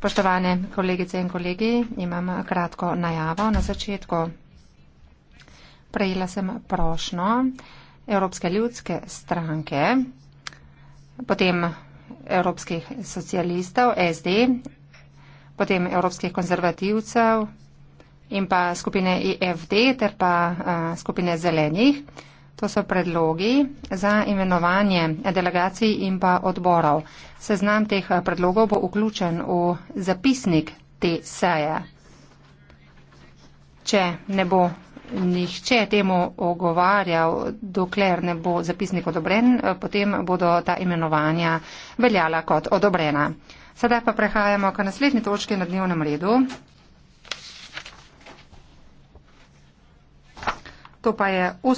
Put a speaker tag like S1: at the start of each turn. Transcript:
S1: Spoštovane kolegice in kolegi, imam kratko najavo na začetku. Prejela sem prošno Evropske ljudske stranke, potem Evropskih socialistov, SD, potem Evropskih konzervativcev in pa skupine IFD e ter pa uh, skupine zelenih. Uh, To so predlogi za imenovanje delegacij in pa odborov. Seznam teh predlogov bo vključen v zapisnik te seje. Če ne bo nihče temu ogovarjal, dokler ne bo zapisnik odobren, potem bodo ta imenovanja veljala kot odobrena. Sedaj pa prehajamo k naslednji točki na dnevnem redu. To pa je